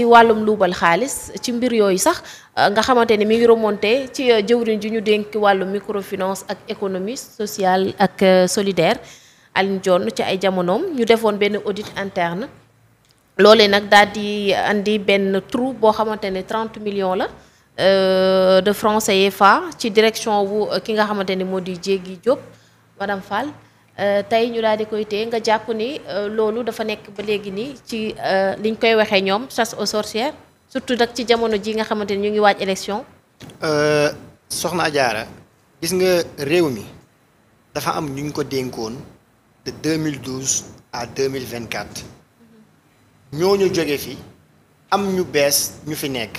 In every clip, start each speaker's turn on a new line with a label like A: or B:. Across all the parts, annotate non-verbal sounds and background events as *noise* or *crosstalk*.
A: ci wàllum luubal xaalis ci mbir yooyu sax euh, nga xamante ni mi ngi remonté ci euh, jëwriñ ji ñu dénk wàllu microfinance ak économie sociale ak euh, solidaire Alioune Dione ci ay jamonoom ñu defoon benn audit interne loole nag daal di andi benn trou boo xamante ne 30 millions la de francs CFA ci direction wu ki nga xamante ni moo di Diégui Diop madame Fall Euh, tey ñu daal di koy téye nga jàpp ni euh, loolu dafa nekk ba léegi nii ci euh, liñ koy waxee ñoom chasse aux sorcières surtout nag ci jamono ji nga xamante ni ñu ngi waaj élection.
B: soxna Jaara gis nga réew mi dafa am ñu ngi ko dénkoon de 2012 à 2024 ñooñu jóge fi am ñu bees ñu fi nekk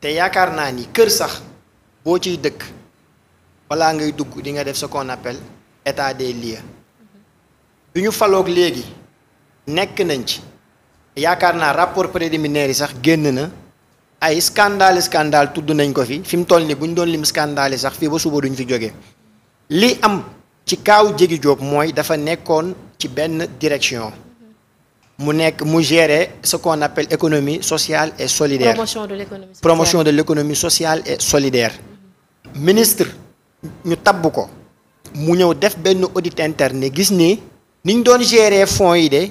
B: te yaakaar naa ni kër sax boo ciy dëkk balaa ngay dugg di nga def ce qu'on appelle état des lieux bi ñu faloog léegi nekk nañ ci yaakaar naa rapport préliminaire yi sax génn na ay scandale scandale tudd nañ ko fi fi mu toll nii bu ñu doon lim scandale yi sax fii ba suba duñ fi jógee li am ci kaaw Jéggi Jóob mooy dafa nekkoon ci benn direction mu nekk mu gérer ce qu'on appelle économie sociale et solidaire
A: promotion de l'économie sociale
B: de l'économie sociale et solidaire ministre ñu tabb ko mu ñëw def benn audit interne gis ni niñ doon gérer fonds yi de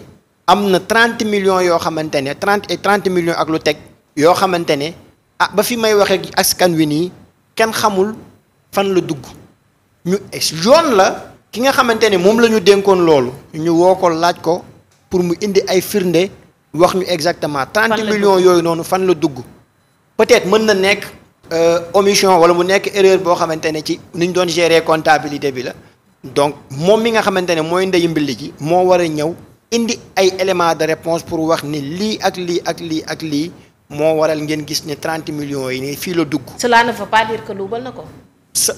B: am na trente millions yoo xamante ne trente et trente ak lu teg yoo xamante ne ah ba fi may waxee ak askan wi nii kenn xamul fan la dugg ñu yoon la ki nga xamante ne moom la ñu dénkoon loolu ñu woo ko laaj ko pour mu indi ay firnde wax ñu exactement trente millions yooyu noonu fan la dugg peut-être mën na nekk euh, omission wala mu nekk erreur boo xamante ne ci ni ñu doon gérer comptabilité bi la donc moom mi nga xamante ne mooy ndeyu mbilli ji moo war a ñëw indi ay éléments de réponse pour wax ni lii ak lii ak lii ak lii moo waral ngeen gis ni trente millions yi nii fii la dugg.
A: cela ne veut pas dire que luubal na ko.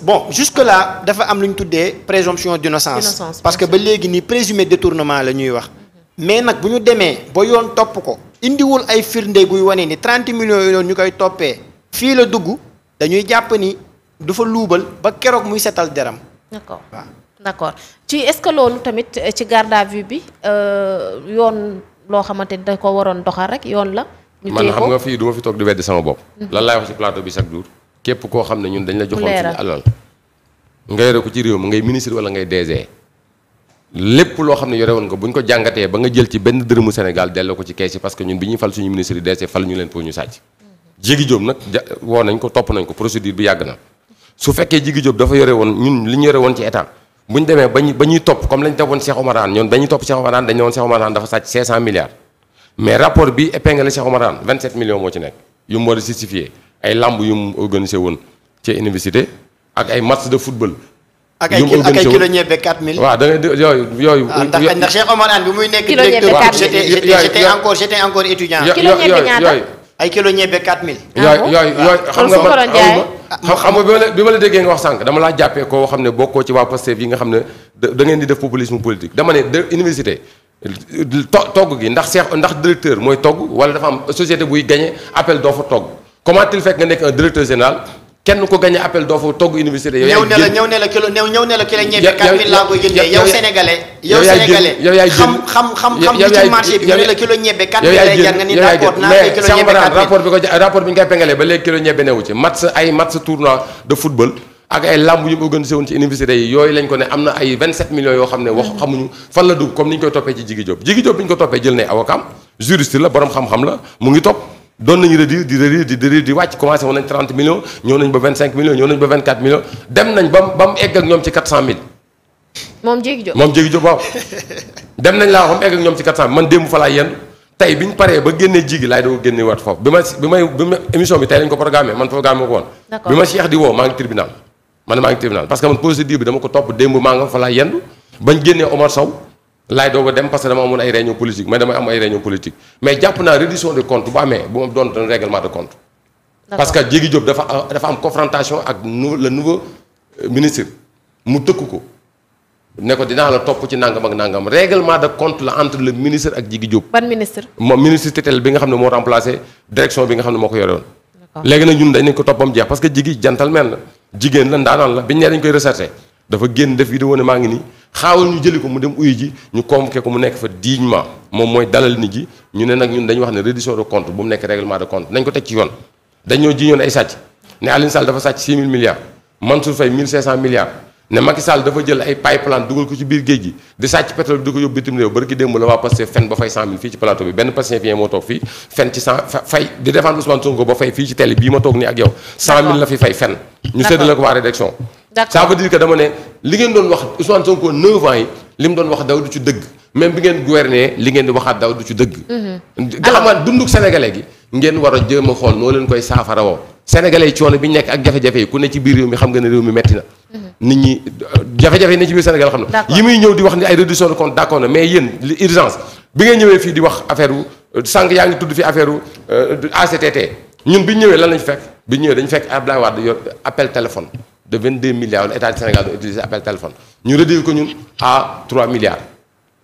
B: bon jusque là dafa am lu ñu tuddee présomption d'innocence parce que ba léegi nii présumé détournement la ñuy wax. mais nag bu ñu demee ba yoon topp ko. indiwul ay firnde guy wane ni trente millions yi noonu ñu koy toppee. fii la dugg dañuy jàpp ni du fa luubal ba keroog muy setal deram.
A: d'accord ci est-ce que loolu tamit euh, ci garde à vue bi euh, yoon loo xamante ni da ko waroon doxal rek yoon la. ñu man xam nga
C: fii du ma fi toog di weddi sama bopp. Mm-hmm. lan laay wax ci plateau bi chaque jour. képp koo xam ne ñun dañ la joxoon suñu alal. nga yore ko ci réew mi ngay ministre wala ngay DG. lépp loo xam ne yore woon ko buñ ko jàngatee ba nga jël ci benn dërëmu Sénégal delloo ko ci kees yi parce que ñun bi ñuy fal suñu ministre yi DG fal ñu leen pour ñu sàcc. Mm-hmm. Jigi Jóob nag ja woo nañ ko topp nañ ko procédure bi yàgg na su fekkee Jigi Jóob dafa yore woon ñun li ñu yore woon ci état bu ñu demee ba ñu ba ñuy topp comme lañ defoon Cheikh Oumar Anne ñoom dañuy topp Cheikh Oumar Anne woon Cheikh Oumar dafa sàcc 500 milliards mais rapport bi épinglé Cheikh Oumar Anne 27 millions moo ci nekk yu war a justifié ay lamb yu mu organisé université ak ay match de football. ak ay kilo ak ay kilo waaw da ngay yooyu yooyu. Ah, ndax ndax Cheikh Oumar Anne bi muy nekk. kilo ñebe 4000 directeur yooyu
B: yooyu xam nga man
C: xam nga bi ma la bi ma la déggee nga wax sànq dama laa jàppee koo xam ne bokkoo ci waa Pastef yi nga xam ne da ngeen di def populisme politique dama ne de université to togg gi ndax seex ndax directeur mooy togg wala dafa am société buy gagné appel doo fa togg comment il fekk nga nekk un directeur général kenn ko gagné appel doo fa togg université.
A: yow ne la
B: ñëw ne la kilo ñëw ne la kilo ñebe 4000 laa koy jëndee ne
C: rapport bi ñu koy pengalee ba léegi kilo ñebe newu ci match ay match tournoi de football. ak ay làmb yu mu organisé woon ci université yi yooyu lañ ko ne am na ay 27 millions yoo xam ne wax hmm. xamuñu fan la dugg comme ni koy toppee ci Jigi Diop bi ñu ko toppee jël ne avocat juriste la borom xam-xam la mu ngi topp doon nañu réduire di réduire di réduire di wàcc commencé woon nañ 30 millions ñëw nañ ba 25 millions ñëw nañ ba 24 millions dem nañ *laughs* ba mu egg ak ñoom ci 400000.
A: moom Diégui Diop moom Diégui Diop waaw
C: dem ci 400000 man démb fa laa yendu tey bi ñu paree ba génnee jigi laay doog a génne waat foofu bi ma bi may bi ma émission bi tey lañ ko programmé man programmé ko woon. bi ma Cheikh di woo maa ngi tribunal man maa ngi tribunal parce que man procédure bi dama ko topp démb maa nga fa laa yendu bañ génnee Sow laay doog a dem parce que dama amoon ay réunion politique mais damay am ay réunion politique mais jàpp naa reddition de compte bu amee bu ma doon doon que Diégui Diop dafa am confrontation ak nu le euh, tëkk ko ne ko dinaa la topp ci nangam ak nangam règlement de moom ministre tutelle bi nga xam moo remplacé direction bi nga xam ne moo ko yore woon. léegi nag ñun dañ ne ko toppam jeex parce que Diégui gentleman la. jigéen la ndaanaan la biñ ne dañ koy recherché. dafa génn def vidéo ne maa ngi nii xaawal ñu jëli ko mu dem uyu ji ñu convoqué ko mu nekk fa dignement moom mooy dalal nit ji ñu ne nag ñun dañu wax ne reddition de compte bu mu nekk règlement de compte nañ ko teg ci yoon dañoo jiñoon ay sàcc ne Alioune Sall dafa sàcc 6000 milliards Mansour Faye 1500 milliards ne Macky Sall dafa jël ay pipeline dugal ko ci biir géej gi di sàcc pétrole bi di ko yóbbu bitim réew bërki démb la waa Pastef fen ba fii ci plateau bi benn Pastefien moo toog fay di défendre Ousmane Sonko ba la waa rédaction d'accord ça veut dama ne li ngeen doon wax Ousmane Sonko 9 ans yi li mu doon wax daw du ci dëgg même bi ngeen gouverner li ngeen di waxaat daw du ci dëgg. nga mhm. xamante dunduk sénégalais gi ngeen war a jéem a xool noo leen koy saafara woo sénégalais ci coono bi nekk ak jafe-jafe yi ku ne ci biir réew mi xam nga ne réew mi metti na. Mhm. nit ñi euh, jafe-jafe yi ne ci biir Sénégal xam na. yi muy ñëw di wax ni ay réduction de compte d'accord na mais yéen li urgence bi ngeen ñëwee fii di wax affaire wu euh, sànq yaa ngi tudd fi affaire wu euh, ACTT bi ñu ñëwee lan lañ fekk bi ñëwee dañu fekk Abdoulaye Wade yor appel téléphone de 22 milliards l'État du Sénégal doon utiliser appel téléphone ñu réduire ko ñun à 3 milliards.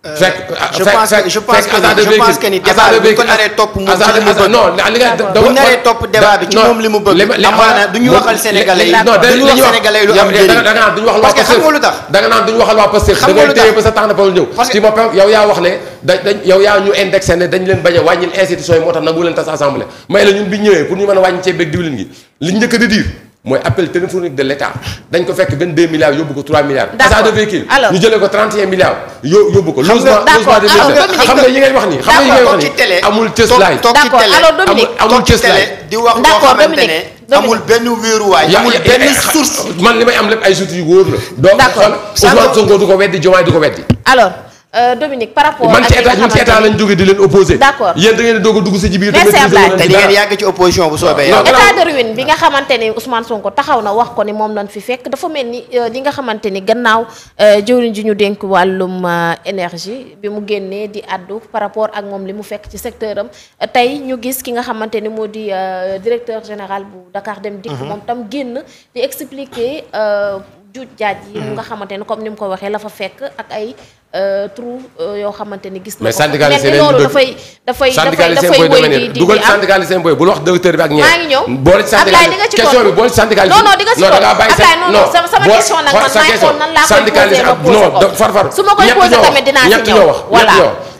B: Euh, fekk euh, fekk ni débat bi bu ko naree topp moom ci li mu bëgg li nga bu naree topp débat bi ci moom li mu bëgg. waxal sénégalais yi du ñu wax sénégalais yi lu am naan du waxal
C: waa Pastef parce que xam nga lu tax da naan du waxal waa Pastef da ngay téye ba sa tax na parole ñëw ci mooy appel téléphonique de l'État dañ ko fekk 22 yóbbu ko 3 milliards. achat de véhicule ñu jëlee ko 31 milliards. yo yóbbu ko logement logement de nga yi ngay wax nii. xam nga yi ngay man li may am lépp ay sources yu wóor la. donc Ousmane Sonko du ko weddi Diomaye du ko weddi
A: Euh, Dominique par rapport man ci état ñun ci
C: état lañ jógee di leen opposé. d'accord
A: bi nga xamante ni Ousmane Sonko taxaw na wax ko ni moom lañ fi fekk dafa mel ni euh, li nga xamante ni gannaaw euh, jëwriñ ji ñu dénk wàllum énergie bi mu génnee di addu par rapport ak moom li mu fekk ci secteur am tey ñu gis ki nga xamante ni moo di directeur général bu Dakar Dem Dikk. Mhm. moom tam génn di expliquer. juuj jaaj yi mu mm-hmm. nga xamante ne comme ni mu ko waxee la fa fekk ak ay euh, trou euh, yoo xamante ni gis na ko mais loolu dafay dafay dafay dafay wéy di di dugal
C: syndicalisme booy bul wax docteur bi ak ñeent maa ngi ñëw boole syndicalisme question bi boole syndicalisme non non di nga sama question nag man maa ngi xool nan laa koy posé ma su ma koy posé tamit dinaa si ñëw
A: voilà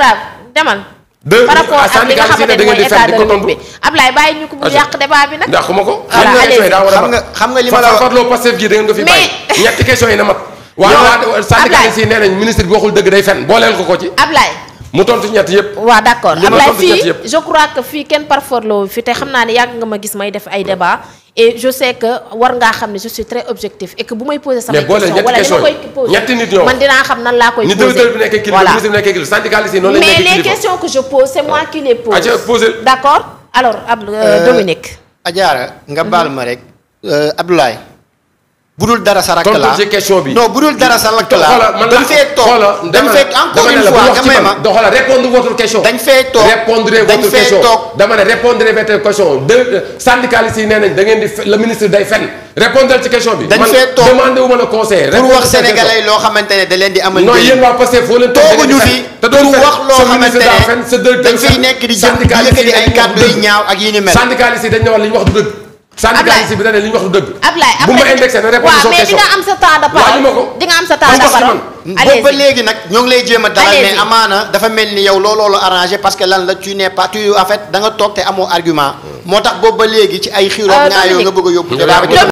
A: grave demal.
B: par rapport ak li nga xamante ne mooy état de l' économie bi
A: Ablaye bàyyi ñu ko bu yàq débat bi nag. dàqu ma ko. xam nga xam nga li ma la wax farloo
C: Pastef gi da ngeen ko fi bàyyi. ñetti question yi na mat. *laughs* waaw Ablaye syndicaliste yi nee nañ ministre bi waxul dëgg day fen booleel ko ko ci. Ablaye. mu tontu ñett yëpp. waaw d' accord fii
A: je crois fii kenn par farloo fi te xam naa ne yàgg nga ma gis may def ay débat e je sais que war ngaa xam ne je suis très objectif et que bu may poser sama question wala dama koy poser ñetti nit ñoo man dinaa xam nan laa koy poser voilà mais les questions que je pose c'est moi ah. qui les pose ah, d'accord alors Abdou euh, euh,
B: Dominique Adjaara nga baal ma rek euh, Abdoulaye bu dul dara sa rakk laa dañ fee toog dañ fee encore dañ
C: fee toog répondre répondre votre question da bi. dañ fee toog
B: man wax sénégalais loo xamante ne da di amal. non yéen waa Pastef fi te doon wax loo xamante ne dañ fiy nekk di jëm yëkkati ay kàddu yu ñaaw ak yi ni mel
C: Ablaye syndicaliste bi da li ñu wax du dëgg. Ablaye après bu na répondre mais di am
A: sa temps de parole di nga am sa temps
B: ba léegi nag ñoo ngi lay a dalal mais dafa mel ni yow looloo la arrangé parce que lan la tu n'es pas tu en fait nga toog te amoo argument. Hmm. moo tax boobu ba léegi ci ay xiiroo euh, ñaayoo nga bëgg a yóbbu.